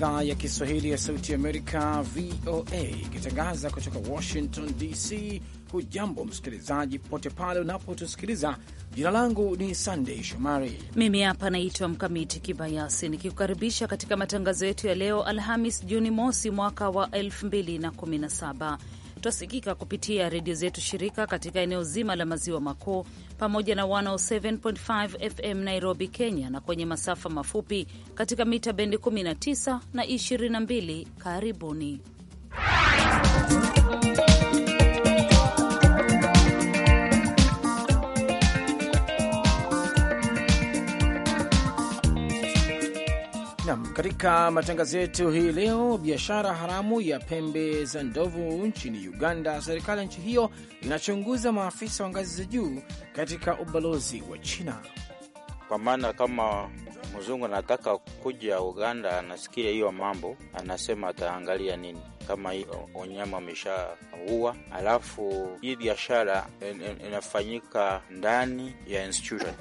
idhaa ya Kiswahili ya Sauti Amerika, VOA, ikitangaza kutoka Washington DC. Hujambo msikilizaji, popote pale unapotusikiliza. Jina langu ni Sandey Shomari, mimi hapa naitwa Mkamiti Kibayasi, nikikukaribisha katika matangazo yetu ya leo Alhamis Juni mosi mwaka wa 2017. Twasikika kupitia redio zetu shirika katika eneo zima la maziwa makuu pamoja na 107.5 FM Nairobi, Kenya, na kwenye masafa mafupi katika mita bendi 19 na 22. Karibuni Nam, katika matangazo yetu hii leo, biashara haramu ya pembe za ndovu nchini Uganda. Serikali ya nchi hiyo inachunguza maafisa wa ngazi za juu katika ubalozi wa China, kwa maana kama mzungu anataka kuja Uganda, anasikia hiyo mambo, anasema ataangalia nini kama hiyo wanyama wameshaua. Alafu hii biashara inafanyika ndani ya institution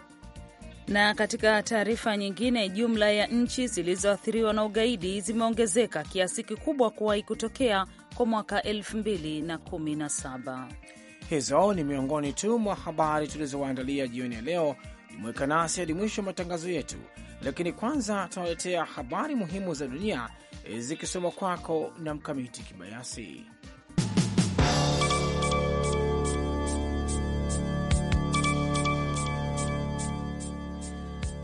na katika taarifa nyingine, jumla ya nchi zilizoathiriwa na ugaidi zimeongezeka kiasi kikubwa kuwahi kutokea kwa mwaka 2017. Hizo ni miongoni tu mwa habari tulizowaandalia jioni ya leo. Jumuika nasi hadi mwisho wa matangazo yetu, lakini kwanza tunaletea habari muhimu za dunia eh, zikisoma kwako na Mkamiti Kibayasi.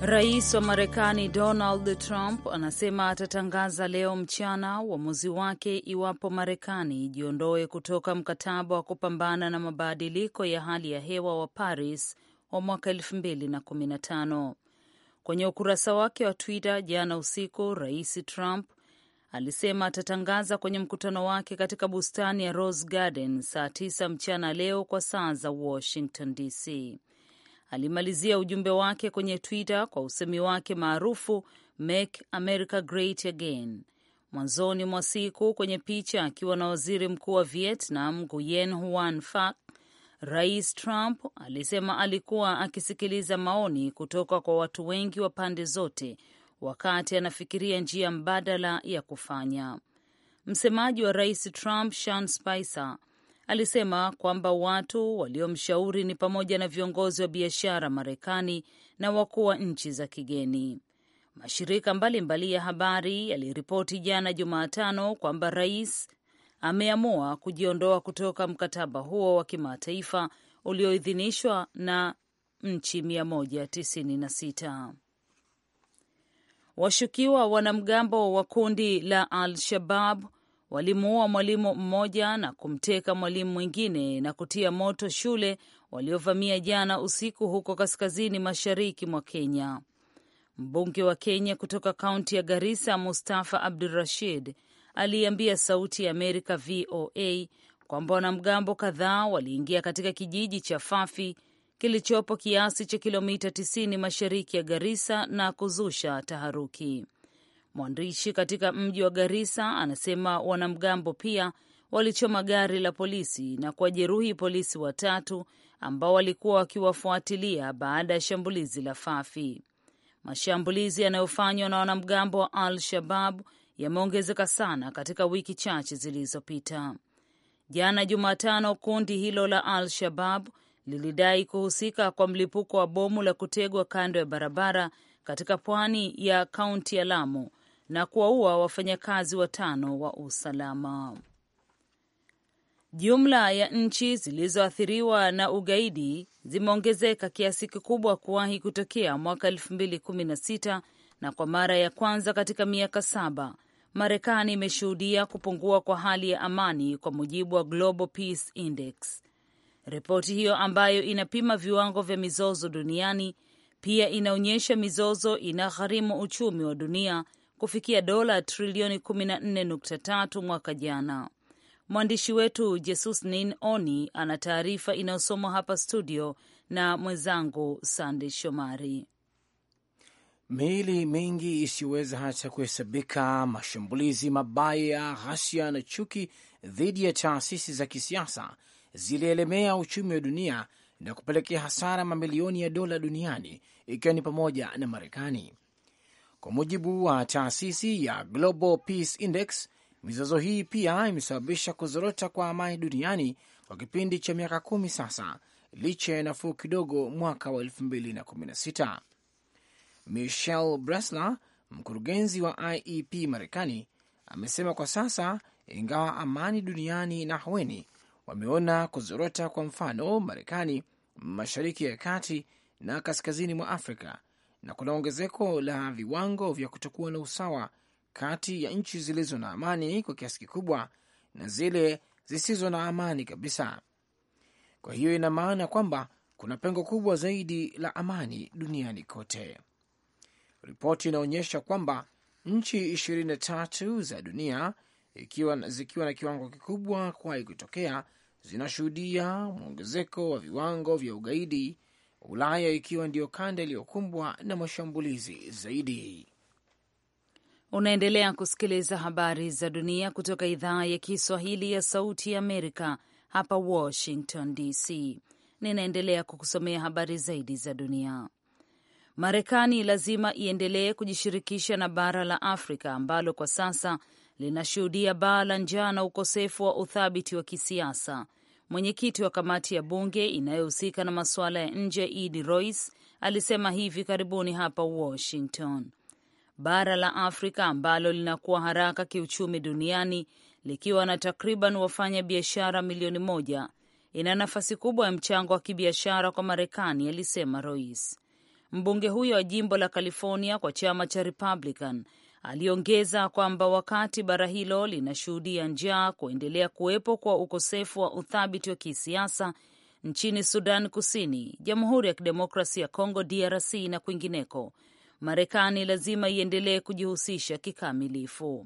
Rais wa Marekani Donald Trump anasema atatangaza leo mchana uamuzi wake iwapo Marekani ijiondoe kutoka mkataba wa kupambana na mabadiliko ya hali ya hewa wa Paris wa mwaka 2015. Kwenye ukurasa wake wa Twitter jana usiku, Rais Trump alisema atatangaza kwenye mkutano wake katika bustani ya Rose Garden saa 9 mchana leo kwa saa za Washington DC alimalizia ujumbe wake kwenye Twitter kwa usemi wake maarufu Make America Great Again. Mwanzoni mwa siku, kwenye picha akiwa na waziri mkuu wa Vietnam Nguyen Huan Phuc, Rais Trump alisema alikuwa akisikiliza maoni kutoka kwa watu wengi wa pande zote wakati anafikiria njia mbadala ya kufanya. Msemaji wa rais Trump Sean Spicer alisema kwamba watu waliomshauri ni pamoja na viongozi wa biashara Marekani na wakuu wa nchi za kigeni. Mashirika mbalimbali ya habari yaliripoti jana Jumatano kwamba rais ameamua kujiondoa kutoka mkataba huo wa kimataifa ulioidhinishwa na nchi 196. Washukiwa wanamgambo wa kundi la Al Shabab walimuua mwalimu mmoja na kumteka mwalimu mwingine na kutia moto shule waliovamia jana usiku huko kaskazini mashariki mwa Kenya. Mbunge wa Kenya kutoka kaunti ya Garissa, Mustafa rashid aliambia Sauti ya Amerika VOA kwamba wanamgambo kadhaa waliingia katika kijiji cha Fafi kilichopo kiasi cha kilomita 90 mashariki ya Garissa na kuzusha taharuki. Mwandishi katika mji wa Garissa anasema wanamgambo pia walichoma gari la polisi na kuwajeruhi polisi watatu ambao walikuwa wakiwafuatilia baada ya shambulizi la Fafi. Mashambulizi yanayofanywa na wanamgambo wa Al Shabab yameongezeka sana katika wiki chache zilizopita. Jana Jumatano, kundi hilo la Al Shabab lilidai kuhusika kwa mlipuko wa bomu la kutegwa kando ya barabara katika pwani ya kaunti ya Lamu na kuwaua wafanyakazi watano wa usalama. Jumla ya nchi zilizoathiriwa na ugaidi zimeongezeka kiasi kikubwa kuwahi kutokea mwaka 2016 na kwa mara ya kwanza katika miaka saba Marekani imeshuhudia kupungua kwa hali ya amani kwa mujibu wa Global Peace Index. Ripoti hiyo ambayo inapima viwango vya mizozo duniani pia inaonyesha mizozo inagharimu uchumi wa dunia kufikia dola trilioni 14.3 mwaka jana. Mwandishi wetu Jesus Nin Oni ana taarifa inayosomwa hapa studio na mwenzangu Sande Shomari. Miili mingi isiyoweza hata kuhesabika, mashambulizi mabaya, ghasia na chuki dhidi ya taasisi za kisiasa zilielemea uchumi wa dunia na kupelekea hasara mamilioni ya dola duniani, ikiwa ni pamoja na Marekani. Kwa mujibu wa taasisi ya Global Peace Index, mizozo hii pia imesababisha kuzorota kwa amani duniani kwa kipindi cha miaka kumi sasa, licha ya nafuu kidogo mwaka wa 2016. michel bresler mkurugenzi wa IEP Marekani, amesema kwa sasa, ingawa amani duniani na haweni, wameona kuzorota, kwa mfano Marekani, mashariki ya kati na kaskazini mwa Afrika na kuna ongezeko la viwango vya kutokuwa na usawa kati ya nchi zilizo na amani kwa kiasi kikubwa na zile zisizo na amani kabisa. Kwa hiyo ina maana kwamba kuna pengo kubwa zaidi la amani duniani kote. Ripoti inaonyesha kwamba nchi ishirini na tatu za dunia ikiwa, zikiwa na kiwango kikubwa kuwahi kutokea zinashuhudia mwongezeko wa viwango vya ugaidi Ulaya ikiwa ndiyo kanda iliyokumbwa na mashambulizi zaidi. Unaendelea kusikiliza habari za dunia kutoka idhaa ya Kiswahili ya Sauti ya Amerika hapa Washington DC. Ninaendelea kukusomea habari zaidi za dunia. Marekani lazima iendelee kujishirikisha na bara la Afrika ambalo kwa sasa linashuhudia baa la njaa na ukosefu wa uthabiti wa kisiasa Mwenyekiti wa kamati ya bunge inayohusika na masuala ya nje Ed Royce alisema hivi karibuni hapa Washington, bara la Afrika ambalo linakuwa haraka kiuchumi duniani likiwa na takriban wafanya biashara milioni moja ina nafasi kubwa ya mchango wa kibiashara kwa Marekani, alisema Royce. Mbunge huyo wa jimbo la California kwa chama cha Republican Aliongeza kwamba wakati bara hilo linashuhudia njaa, kuendelea kuwepo kwa ukosefu wa uthabiti wa kisiasa nchini Sudan Kusini, Jamhuri ya Kidemokrasi ya Kongo DRC na kwingineko, Marekani lazima iendelee kujihusisha kikamilifu.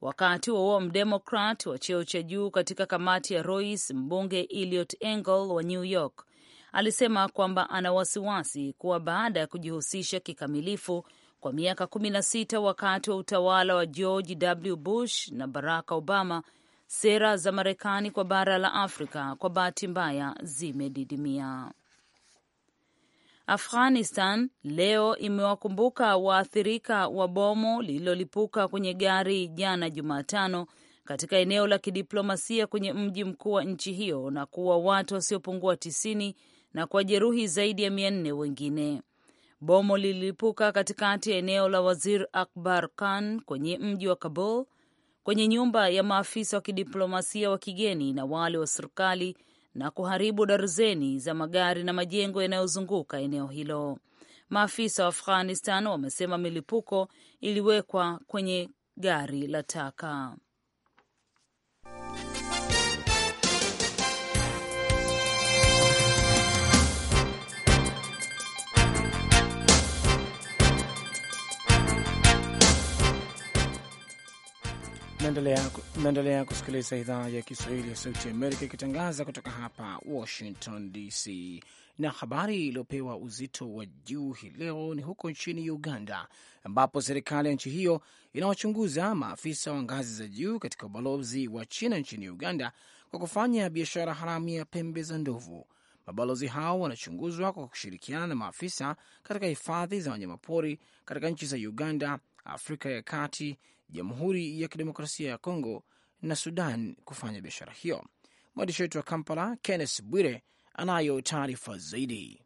Wakati huo mdemokrat wa cheo cha juu katika kamati ya Rois, mbunge Eliot Engel wa New York alisema kwamba ana wasiwasi kuwa baada ya kujihusisha kikamilifu kwa miaka sita wakati wa utawala wa George W. Bush na Barack Obama. Sera za Marekani kwa bara la Afrika kwa bahati mbaya zimedidimia. Afghanistan leo imewakumbuka waathirika wa bomu lililolipuka kwenye gari jana Jumatano katika eneo la kidiplomasia kwenye mji mkuu wa nchi hiyo na kuwa watu wasiopungua tisini na kwa jeruhi zaidi ya mia nne wengine bomo lililipuka katikati ya eneo la Wazir Akbar Khan kwenye mji wa Kabul, kwenye nyumba ya maafisa wa kidiplomasia wa kigeni na wale wa serikali na kuharibu darzeni za magari na majengo yanayozunguka eneo hilo. Maafisa wa Afghanistan wamesema milipuko iliwekwa kwenye gari la taka. Naendelea kusikiliza idhaa ya Kiswahili ya Sauti Amerika ikitangaza kutoka hapa Washington DC. Na habari iliyopewa uzito wa juu hii leo ni huko nchini Uganda, ambapo serikali ya nchi hiyo inawachunguza maafisa wa ngazi za juu katika ubalozi wa China nchini Uganda kwa kufanya biashara haramu ya pembe za ndovu. Mabalozi hao wanachunguzwa kwa kushirikiana na maafisa katika hifadhi za wanyamapori katika nchi za Uganda, Afrika ya Kati, Jamhuri ya Kidemokrasia ya Kongo na Sudan kufanya biashara hiyo. Mwandishi wetu wa Kampala, Kenneth Bwire, anayo taarifa zaidi.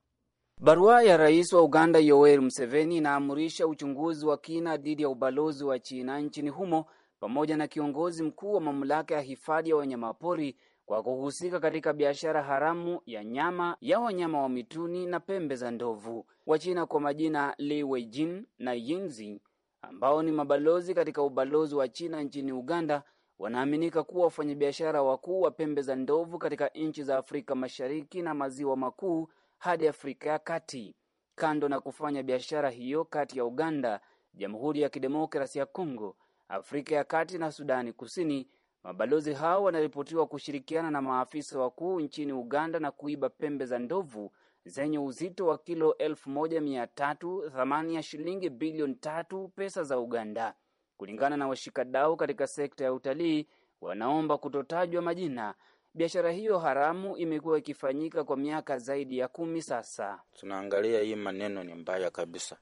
Barua ya rais wa Uganda Yoweri Museveni inaamurisha uchunguzi wa kina dhidi ya ubalozi wa China nchini humo pamoja na kiongozi mkuu wa mamlaka ya hifadhi ya wanyamapori kwa kuhusika katika biashara haramu ya nyama ya wanyama wa mituni na pembe za ndovu. Wachina kwa majina Li Weijin na Yinzi ambao ni mabalozi katika ubalozi wa China nchini Uganda wanaaminika kuwa wafanyabiashara wakuu wa pembe za ndovu katika nchi za Afrika Mashariki na Maziwa Makuu hadi Afrika ya Kati. Kando na kufanya biashara hiyo kati ya Uganda, Jamhuri ya Kidemokrasi ya Kongo, Afrika ya Kati na Sudani Kusini, mabalozi hao wanaripotiwa kushirikiana na maafisa wakuu nchini Uganda na kuiba pembe za ndovu zenye uzito wa kilo elfu moja mia tatu thamani ya shilingi bilioni tatu pesa za Uganda. Kulingana na washikadau katika sekta ya utalii, wanaomba kutotajwa majina. Biashara hiyo haramu imekuwa ikifanyika kwa miaka zaidi ya kumi sasa. Tunaangalia hii maneno ni mbaya kabisa,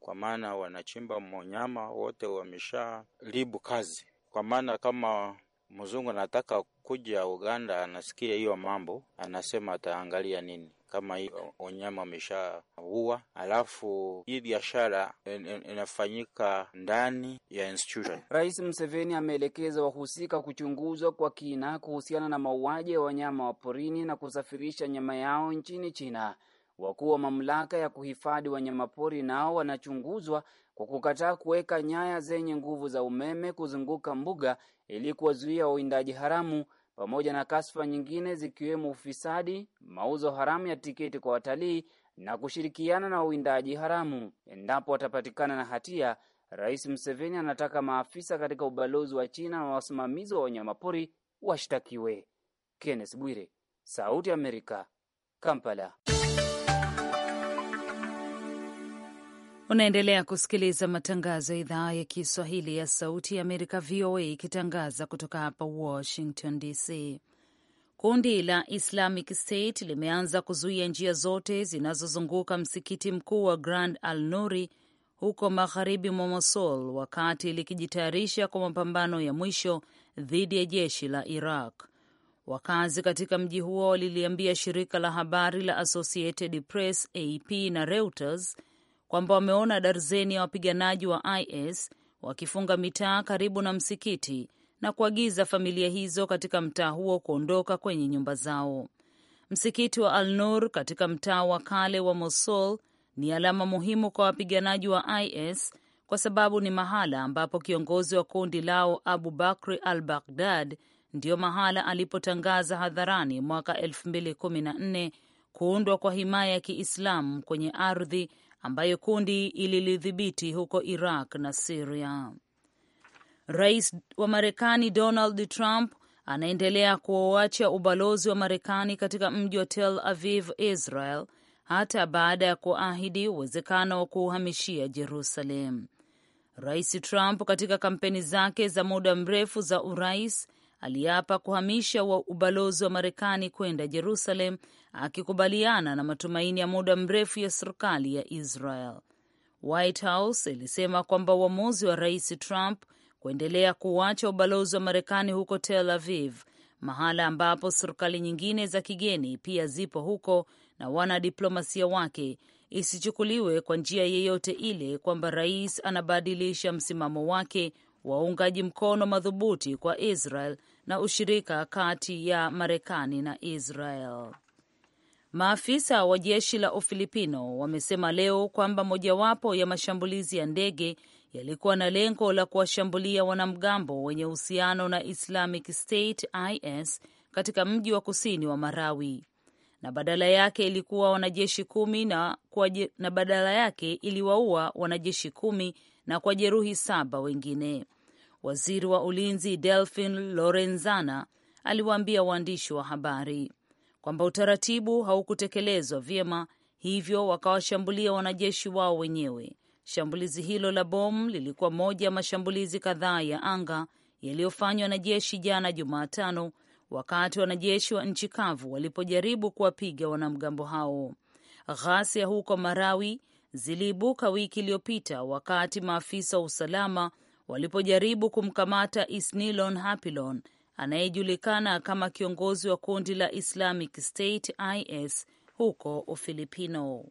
kwa maana wanachimba monyama wote wamesharibu kazi, kwa maana kama mzungu anataka kuja Uganda, anasikia hiyo mambo, anasema ataangalia nini kama hii wanyama wameshaua, alafu hii biashara inafanyika ndani ya institution. Rais Mseveni ameelekeza wahusika kuchunguzwa kwa kina kuhusiana na mauaji ya wanyama wa porini na kusafirisha nyama yao nchini China. Wakuu wa mamlaka ya kuhifadhi wanyamapori nao wanachunguzwa kwa kukataa kuweka nyaya zenye nguvu za umeme kuzunguka mbuga ili kuwazuia wawindaji haramu, pamoja na kashfa nyingine zikiwemo ufisadi, mauzo haramu ya tiketi kwa watalii na kushirikiana na wawindaji haramu. Endapo watapatikana na hatia, Rais Museveni anataka maafisa katika ubalozi wa China na wasimamizi wa wanyamapori washtakiwe. Kenneth Bwire, Sauti ya Amerika, Kampala. Unaendelea kusikiliza matangazo ya idhaa ya Kiswahili ya Sauti ya Amerika, VOA, ikitangaza kutoka hapa Washington DC. Kundi la Islamic State limeanza kuzuia njia zote zinazozunguka msikiti mkuu wa Grand Al Nuri huko magharibi mwa Mosul, wakati likijitayarisha kwa mapambano ya mwisho dhidi ya jeshi la Iraq. Wakazi katika mji huo waliliambia shirika la habari la Associated Press, AP, na Reuters kwamba wameona darzeni ya wapiganaji wa IS wakifunga mitaa karibu na msikiti na kuagiza familia hizo katika mtaa huo kuondoka kwenye nyumba zao. Msikiti wa Al-Nur katika mtaa wa kale wa Mosul ni alama muhimu kwa wapiganaji wa IS kwa sababu ni mahala ambapo kiongozi wa kundi lao Abu Bakri al-Baghdad ndiyo mahala alipotangaza hadharani mwaka 2014 kuundwa kwa himaya ya Kiislamu kwenye ardhi ambayo kundi ililidhibiti huko Iraq na Siria. Rais wa Marekani Donald Trump anaendelea kuwaacha ubalozi wa Marekani katika mji wa Tel Aviv, Israel, hata baada ya kuahidi uwezekano wa kuuhamishia Jerusalem. Rais Trump katika kampeni zake za muda mrefu za urais aliapa kuhamisha wa ubalozi wa Marekani kwenda Jerusalem akikubaliana na matumaini ya muda mrefu ya serikali ya Israel. White House ilisema kwamba uamuzi wa Rais Trump kuendelea kuacha ubalozi wa Marekani huko Tel Aviv, mahala ambapo serikali nyingine za kigeni pia zipo huko na wanadiplomasia wake, isichukuliwe kwa njia yeyote ile kwamba rais anabadilisha msimamo wake wa uungaji mkono madhubuti kwa Israel na ushirika kati ya Marekani na Israel. Maafisa wa jeshi la Ufilipino wamesema leo kwamba mojawapo ya mashambulizi ya ndege yalikuwa na lengo la kuwashambulia wanamgambo wenye uhusiano na Islamic State IS katika mji wa kusini wa Marawi na badala yake ilikuwa wanajeshi kumi na, kwa, na badala yake iliwaua wanajeshi kumi na kwa jeruhi saba wengine. Waziri wa ulinzi Delphin Lorenzana aliwaambia waandishi wa habari kwamba utaratibu haukutekelezwa vyema, hivyo wakawashambulia wanajeshi wao wenyewe. Shambulizi hilo la bomu lilikuwa moja ya mashambulizi kadhaa ya anga yaliyofanywa na jeshi jana Jumatano, wakati wanajeshi wa nchi kavu walipojaribu kuwapiga wanamgambo hao. Ghasia huko Marawi ziliibuka wiki iliyopita wakati maafisa wa usalama walipojaribu kumkamata Isnilon Hapilon, anayejulikana kama kiongozi wa kundi la Islamic State IS huko Ufilipino.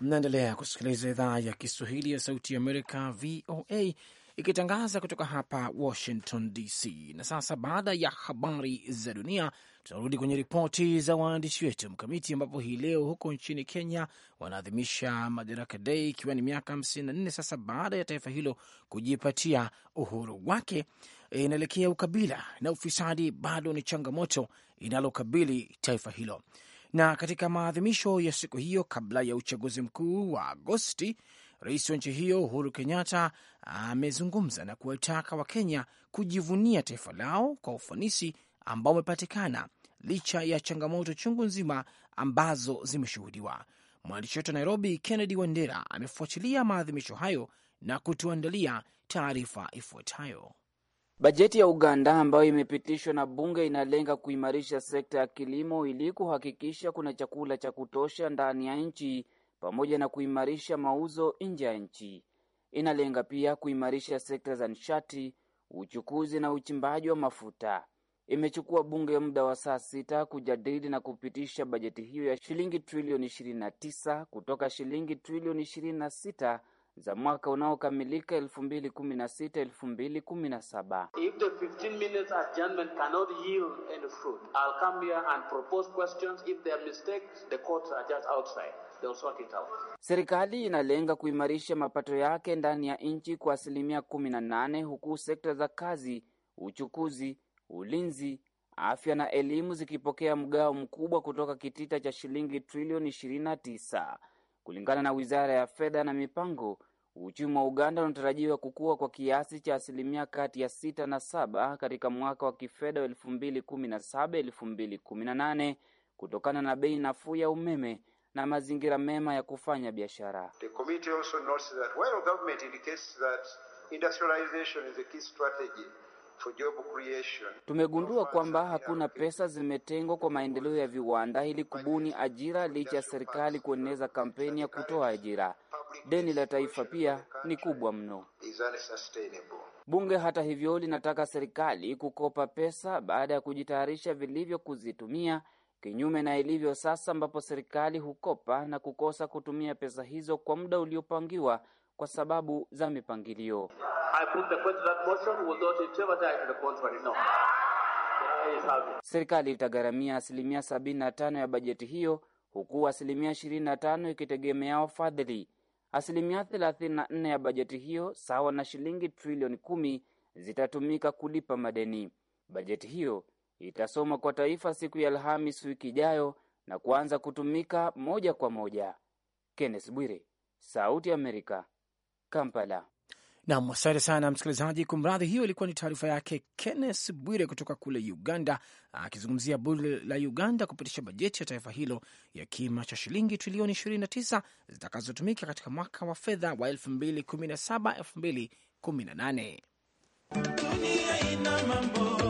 Mnaendelea kusikiliza idhaa ya Kiswahili ya Sauti ya Amerika, VOA, ikitangaza kutoka hapa Washington DC. Na sasa baada ya habari za dunia, Tunarudi kwenye ripoti za waandishi wetu Mkamiti, ambapo hii leo huko nchini Kenya wanaadhimisha Madaraka Dei ikiwa ni miaka 54 sasa baada ya taifa hilo kujipatia uhuru wake. Eh, inaelekea ukabila na ufisadi bado ni changamoto inalokabili taifa hilo, na katika maadhimisho ya siku hiyo kabla ya uchaguzi mkuu wa Agosti, rais wa nchi hiyo Uhuru Kenyatta amezungumza na kuwataka Wakenya kujivunia taifa lao kwa ufanisi ambao umepatikana licha ya changamoto chungu nzima ambazo zimeshuhudiwa. Mwandishi wetu wa Nairobi, Kennedy Wandera, amefuatilia maadhimisho hayo na kutuandalia taarifa ifuatayo. Bajeti ya Uganda ambayo imepitishwa na bunge inalenga kuimarisha sekta ya kilimo ili kuhakikisha kuna chakula cha kutosha ndani ya nchi pamoja na kuimarisha mauzo nje ya nchi. Inalenga pia kuimarisha sekta za nishati, uchukuzi na uchimbaji wa mafuta imechukua bunge muda wa saa sita kujadili na kupitisha bajeti hiyo ya shilingi trilioni 29 kutoka shilingi trilioni 26 za mwaka unaokamilika 2016 2017. If the 15 minutes adjournment cannot Serikali inalenga kuimarisha mapato yake ndani ya nchi kwa asilimia 18 huku sekta za kazi, uchukuzi ulinzi, afya na elimu zikipokea mgao mkubwa kutoka kitita cha shilingi trilioni 29. Kulingana na Wizara ya Fedha na Mipango, uchumi wa Uganda unatarajiwa kukua kwa kiasi cha asilimia kati ya sita na 7 katika mwaka wa kifedha 2017-2018 kutokana na bei nafuu ya umeme na mazingira mema ya kufanya biashara for job creation. Tumegundua kwamba hakuna pesa zimetengwa kwa maendeleo ya viwanda ili kubuni ajira licha ya serikali kueneza kampeni ya kutoa ajira. Deni la taifa pia ni kubwa mno. Bunge hata hivyo linataka serikali kukopa pesa baada ya kujitayarisha vilivyo kuzitumia, kinyume na ilivyo sasa ambapo serikali hukopa na kukosa kutumia pesa hizo kwa muda uliopangiwa kwa sababu za mipangilio. Serikali itagharamia asilimia 75 na tano ya bajeti hiyo huku asilimia 25 na tano ikitegemea wafadhili. Asilimia 34 na nne ya bajeti hiyo sawa na shilingi trilioni kumi zitatumika kulipa madeni. Bajeti hiyo itasomwa kwa taifa siku ya Alhamis wiki ijayo na kuanza kutumika moja kwa moja. Kenneth Bwire, Sauti ya Amerika, Kampala. Nam, asante sana msikilizaji. Kumradhi, hiyo ilikuwa ni taarifa yake Kenneth Bwire kutoka kule Uganda, akizungumzia bunge la Uganda kupitisha bajeti ya taifa hilo ya kima cha shilingi trilioni 29 zitakazotumika katika mwaka wa fedha wa 2017 2018.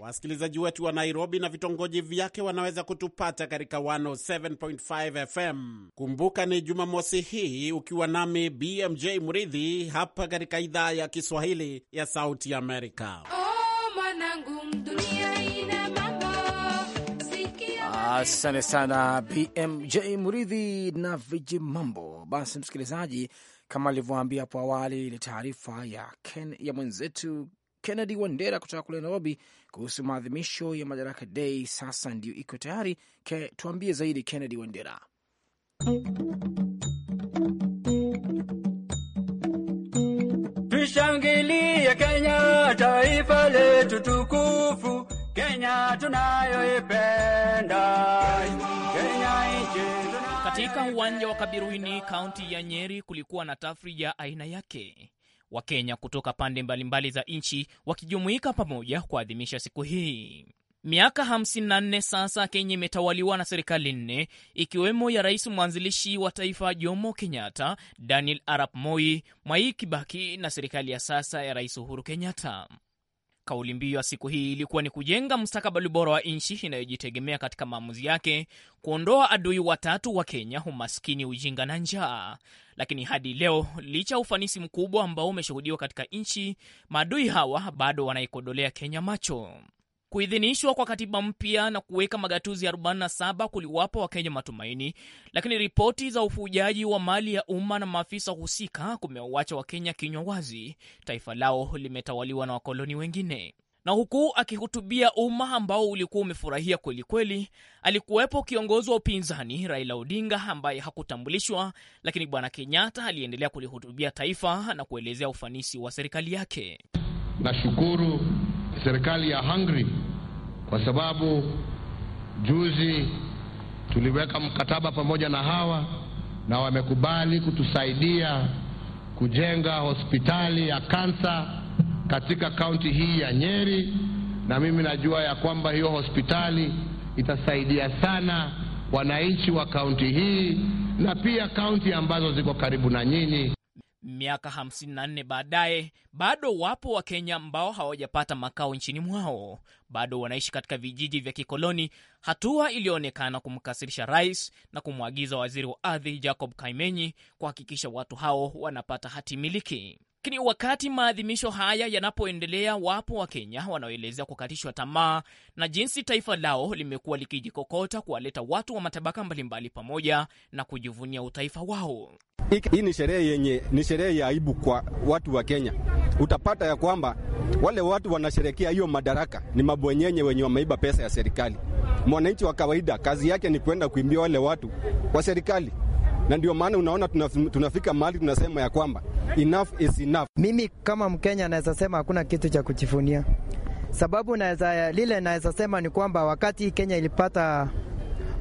Wasikilizaji wetu wa Nairobi na vitongoji vyake wanaweza kutupata katika 107.5 FM. Kumbuka ni Jumamosi hii ukiwa nami BMJ Mridhi hapa katika idhaa ya Kiswahili ya Sauti Amerika. Oh, Asante sana BMJ Muridhi na viji mambo. Basi msikilizaji, kama alivyoambia hapo awali, ile taarifa ya Ken ya mwenzetu Kennedy Wandera kutoka kule Nairobi kuhusu maadhimisho ya Madaraka Day sasa ndio iko tayari. Tuambie zaidi, Kennedy Wandera. Tushangilie Kenya, taifa letu tukufu, Kenya tunayoipenda. Kenya nchi. Katika uwanja wa Kabiruini, kaunti ya Nyeri, kulikuwa na tafrija ya aina yake. Wakenya kutoka pande mbalimbali za nchi wakijumuika pamoja kuadhimisha siku hii. Miaka 54 sasa Kenya imetawaliwa na serikali nne ikiwemo ya rais mwanzilishi wa taifa Jomo Kenyatta, Daniel Arap Moi, Mwai Kibaki na serikali ya sasa ya Rais Uhuru Kenyatta. Kauli mbiu ya siku hii ilikuwa ni kujenga mustakabali bora wa nchi inayojitegemea katika maamuzi yake, kuondoa adui watatu wa Kenya, umaskini, ujinga na njaa. Lakini hadi leo, licha ya ufanisi mkubwa ambao umeshuhudiwa katika nchi, maadui hawa bado wanaikodolea Kenya macho. Kuidhinishwa kwa katiba mpya na kuweka magatuzi 47 kuliwapa Wakenya matumaini, lakini ripoti za ufujaji wa mali ya umma na maafisa husika kumewaacha Wakenya kinywa wazi. Taifa lao limetawaliwa na wakoloni wengine na huku akihutubia umma ambao ulikuwa umefurahia kweli kweli, alikuwepo kiongozi wa upinzani Raila Odinga ambaye hakutambulishwa, lakini bwana Kenyatta aliendelea kulihutubia taifa na kuelezea ufanisi wa serikali yake. Nashukuru serikali ya Hungary, kwa sababu juzi tuliweka mkataba pamoja na hawa na wamekubali kutusaidia kujenga hospitali ya kansa katika kaunti hii ya Nyeri, na mimi najua ya kwamba hiyo hospitali itasaidia sana wananchi wa kaunti hii na pia kaunti ambazo ziko karibu na nyinyi Miaka 54 baadaye, bado wapo Wakenya ambao hawajapata makao nchini mwao, bado wanaishi katika vijiji vya kikoloni, hatua iliyoonekana kumkasirisha rais na kumwagiza waziri wa ardhi Jacob Kaimenyi kuhakikisha watu hao wanapata hati miliki. Lakini wakati maadhimisho haya yanapoendelea, wapo Wakenya wanaoelezea kukatishwa tamaa na jinsi taifa lao limekuwa likijikokota kuwaleta watu wa matabaka mbalimbali pamoja na kujivunia utaifa wao. Hii ni sherehe yenye ni sherehe ya aibu kwa watu wa Kenya. Utapata ya kwamba wale watu wanasherekea hiyo madaraka ni mabwenyenye wenye wameiba pesa ya serikali. Mwananchi wa kawaida kazi yake ni kwenda kuimbia wale watu wa serikali, na ndio maana unaona tunafika mahali tunasema ya kwamba enough is enough. Mimi kama Mkenya naweza sema hakuna kitu cha kujivunia, sababu naweza lile naweza sema ni kwamba wakati Kenya ilipata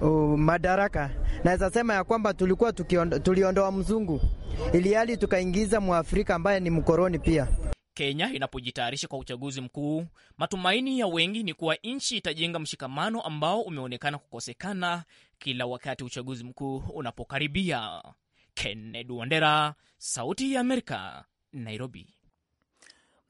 uh, madaraka. Naweza sema ya kwamba tulikuwa tuliondoa mzungu ili hali tukaingiza mwafrika ambaye ni mkoroni pia. Kenya inapojitayarisha kwa uchaguzi mkuu, matumaini ya wengi ni kuwa nchi itajenga mshikamano ambao umeonekana kukosekana kila wakati uchaguzi mkuu unapokaribia. Kennedy Wandera, Sauti ya Amerika, Nairobi.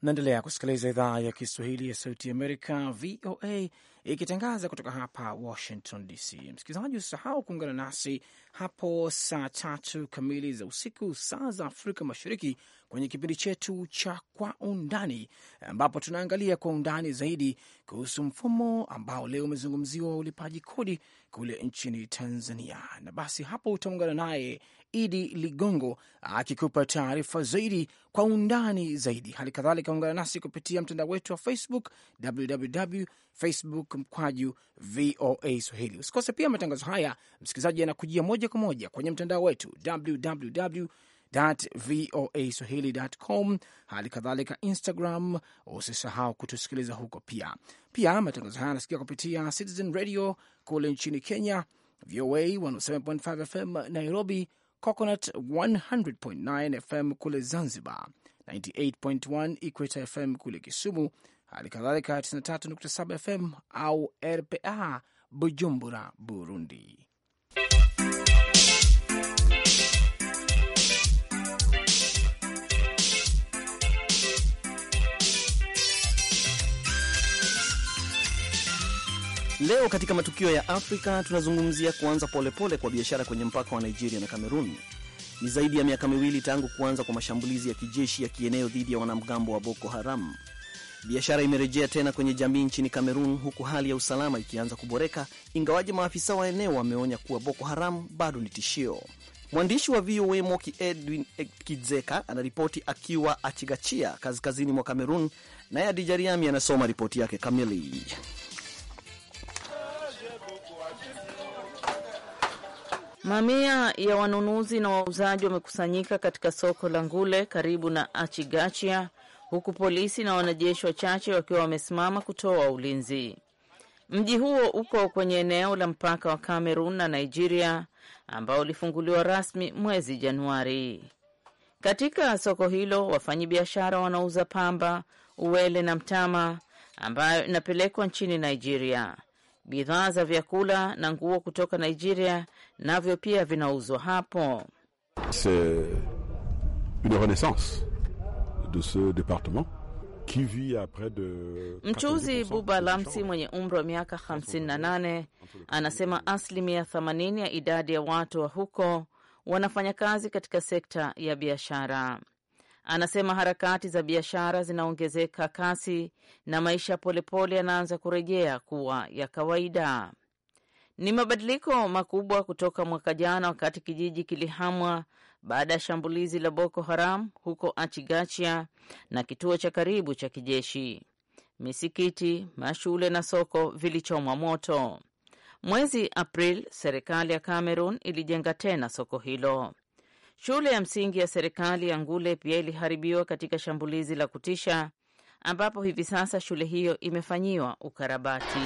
Naendelea kusikiliza idhaa ya Kiswahili ya Sauti ya Amerika, VOA ikitangaza kutoka hapa Washington DC. Msikilizaji, usisahau kuungana nasi hapo saa tatu kamili za usiku, saa za Afrika Mashariki, kwenye kipindi chetu cha Kwa Undani, ambapo tunaangalia kwa undani zaidi kuhusu mfumo ambao leo umezungumziwa wa ulipaji kodi kule nchini Tanzania. Na basi hapo utaungana naye Idi Ligongo akikupa taarifa zaidi kwa undani zaidi. Hali kadhalika ungana nasi kupitia mtandao wetu wa Facebook www facebook mkwaju VOA Swahili. Usikose pia matangazo haya, msikilizaji, yanakujia moja kwa moja kwenye mtandao wetu www voa swahili.com. Hali kadhalika Instagram, usisahau kutusikiliza huko pia. Pia matangazo haya yanasikia kupitia Citizen Radio kule nchini Kenya, VOA 107.5 FM Nairobi, Coconut 100.9 FM kule Zanzibar, 98.1 Equator FM kule Kisumu, hali kadhalika 93.7 FM au RPA Bujumbura, Burundi. Leo katika matukio ya Afrika tunazungumzia kuanza polepole kwa biashara kwenye mpaka wa Nigeria na Kamerun. Ni zaidi ya miaka miwili tangu kuanza kwa mashambulizi ya kijeshi ya kieneo dhidi ya wanamgambo wa Boko Haram. Biashara imerejea tena kwenye jamii nchini Kamerun, huku hali ya usalama ikianza kuboreka, ingawaje maafisa wa eneo wameonya kuwa Boko Haram bado ni tishio. Mwandishi wa VOA Moki Edwin Kidzeka anaripoti akiwa Achigachia, kaskazini mwa Kamerun, naye Adijariami anasoma ripoti yake kamili. Mamia ya wanunuzi na wauzaji wamekusanyika katika soko la Ngule karibu na Achigachia, huku polisi na wanajeshi wachache wakiwa wamesimama kutoa ulinzi. Mji huo uko kwenye eneo la mpaka wa Kamerun na Nigeria ambao ulifunguliwa rasmi mwezi Januari. Katika soko hilo wafanyabiashara wanauza pamba, uwele na mtama ambayo inapelekwa nchini Nigeria. Bidhaa za vyakula na nguo kutoka Nigeria navyo pia vinauzwa hapo. une renaissance de ce De... Buba Lamsi mwenye umri wa miaka 58 anasema asilimia 80 ya idadi ya watu wa huko wanafanya kazi katika sekta ya biashara. Anasema harakati za biashara zinaongezeka kasi na maisha polepole yanaanza kurejea kuwa ya kawaida. Ni mabadiliko makubwa kutoka mwaka jana, wakati kijiji kilihamwa baada ya shambulizi la Boko Haram huko Achigachia na kituo cha karibu cha kijeshi. Misikiti, mashule na soko vilichomwa moto. Mwezi april serikali ya Cameroon ilijenga tena soko hilo. Shule ya msingi ya serikali ya Ngule pia iliharibiwa katika shambulizi la kutisha, ambapo hivi sasa shule hiyo imefanyiwa ukarabati.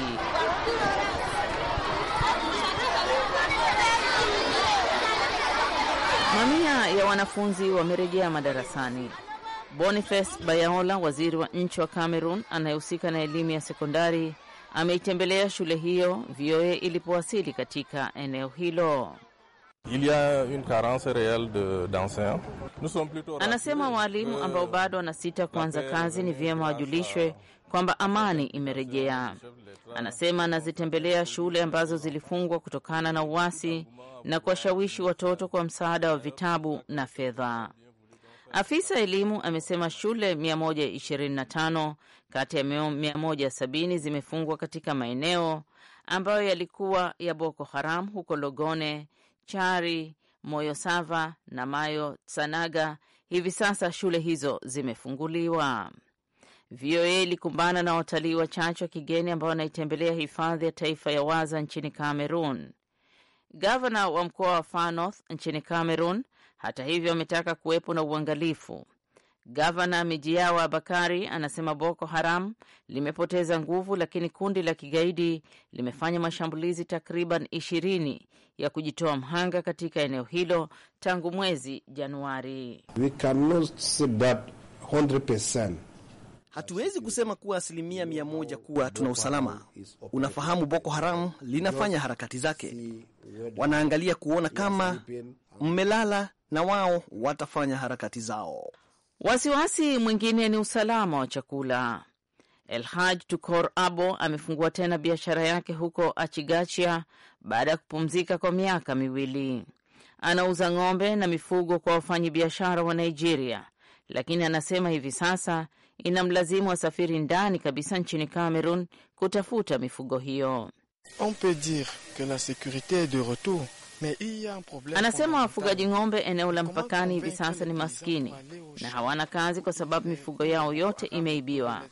Mamia ya wanafunzi wamerejea madarasani. Boniface Bayaola, waziri wa nchi wa Cameroon anayehusika na elimu ya sekondari, ameitembelea shule hiyo VOA ilipowasili katika eneo hilo. Il y a une carence d'enseignants. Nous sommes plutôt Anasema walimu ambao bado wanasita kuanza kazi ni vyema wajulishwe kwamba amani imerejea. Anasema anazitembelea shule ambazo zilifungwa kutokana na uasi na kuwashawishi watoto kwa msaada wa vitabu na fedha. Afisa elimu amesema shule 125 kati ya 170 zimefungwa katika maeneo ambayo yalikuwa ya Boko Haram huko Logone, Chari, moyo sava na Mayo Sanaga. Hivi sasa shule hizo zimefunguliwa. VOA ilikumbana na watalii wachache wa kigeni ambao wanaitembelea hifadhi ya taifa ya Waza nchini Cameroon. Gavana wa mkoa wa Far North nchini Cameroon, hata hivyo, ametaka kuwepo na uangalifu. Gavana Mijiawa Bakari anasema Boko Haram limepoteza nguvu, lakini kundi la kigaidi limefanya mashambulizi takriban ishirini ya kujitoa mhanga katika eneo hilo tangu mwezi Januari. We cannot say that 100% Hatuwezi kusema kuwa asilimia mia moja kuwa tuna usalama. Unafahamu, Boko Haram linafanya harakati zake, wanaangalia kuona kama mmelala, na wao watafanya harakati zao. Wasiwasi mwingine ni usalama wa chakula. Elhaj Tukor Abo amefungua tena biashara yake huko Achigachia baada ya kupumzika kwa miaka miwili. Anauza ng'ombe na mifugo kwa wafanyibiashara wa Nigeria, lakini anasema hivi sasa inamlazimu wasafiri ndani kabisa nchini Cameroon kutafuta mifugo hiyo. On peut dire que la est de retour. Anasema wafugaji ng'ombe eneo la mpakani hivi sasa ni maskini na hawana kazi kwa sababu mifugo yao yote imeibiwa.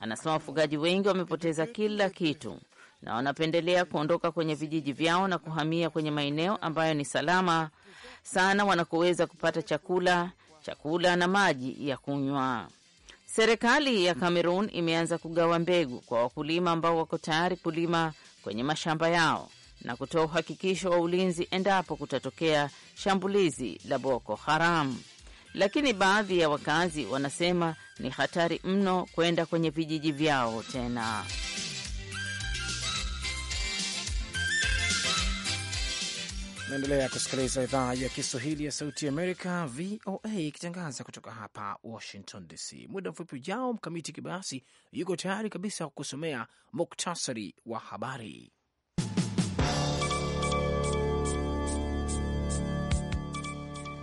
Anasema wafugaji wengi wamepoteza kila kitu na wanapendelea kuondoka kwenye vijiji vyao na kuhamia kwenye maeneo ambayo ni salama sana wanakoweza kupata chakula, chakula na maji ya kunywa. Serikali ya Kamerun imeanza kugawa mbegu kwa wakulima ambao wako tayari kulima kwenye mashamba yao na kutoa uhakikisho wa ulinzi endapo kutatokea shambulizi la Boko Haram. Lakini baadhi ya wakazi wanasema ni hatari mno kwenda kwenye vijiji vyao tena. Naendelea kusikiliza idhaa ya Kiswahili ya Sauti ya Amerika, VOA, ikitangaza kutoka hapa Washington DC. Muda mfupi ujao, Mkamiti Kibayasi yuko tayari kabisa kusomea muktasari wa habari.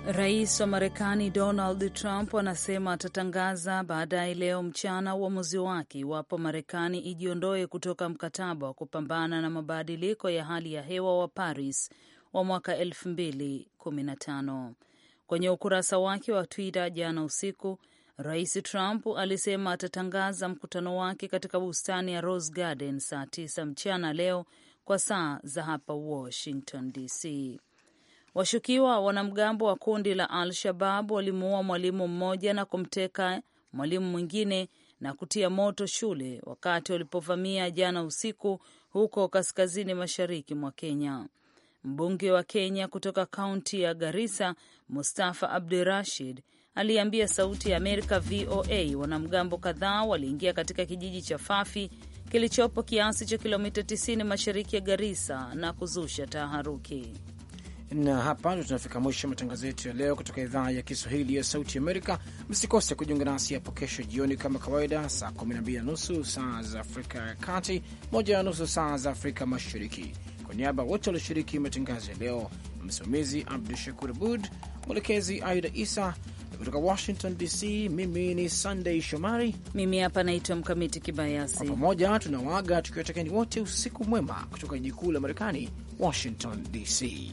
Rais wa Marekani Donald Trump anasema atatangaza baadaye leo mchana uamuzi wake iwapo Marekani ijiondoe kutoka mkataba wa kupambana na mabadiliko ya hali ya hewa wa Paris wa mwaka 2015. Kwenye ukurasa wake wa Twitter jana usiku, Rais Trump alisema atatangaza mkutano wake katika bustani ya Rose Garden saa 9 mchana leo kwa saa za hapa Washington DC. Washukiwa wanamgambo wa kundi la Al-Shabab walimuua mwalimu mmoja na kumteka mwalimu mwingine na kutia moto shule wakati walipovamia jana usiku huko kaskazini mashariki mwa Kenya. Mbunge wa Kenya kutoka kaunti ya Garissa, Mustafa rashid aliambia Sauti ya Amerika VOA wanamgambo kadhaa waliingia katika kijiji cha Fafi kilichopo kiasi cha kilomita 90 mashariki ya Garissa na kuzusha taharuki. Na hapa ndo tunafika mwisho matangazo yetu ya leo kutoka idhaa ya Kiswahili ya Sauti Amerika. Msikose kujiunga nasi hapo kesho jioni kama kawaida, saa 12 na nusu saa za Afrika ya Kati, 1 na nusu saa za Afrika Mashariki. Kwa niaba ya wote walioshiriki matangazo ya leo, msimamizi Abdu Shakur Abud, mwelekezi Aida Isa kutoka Washington DC. Mimi ni sandey Shomari, mimi hapa naitwa Mkamiti Kibayasi. Kwa pamoja tunawaaga tukiwatakieni wote usiku mwema kutoka jiji kuu la Marekani, Washington DC.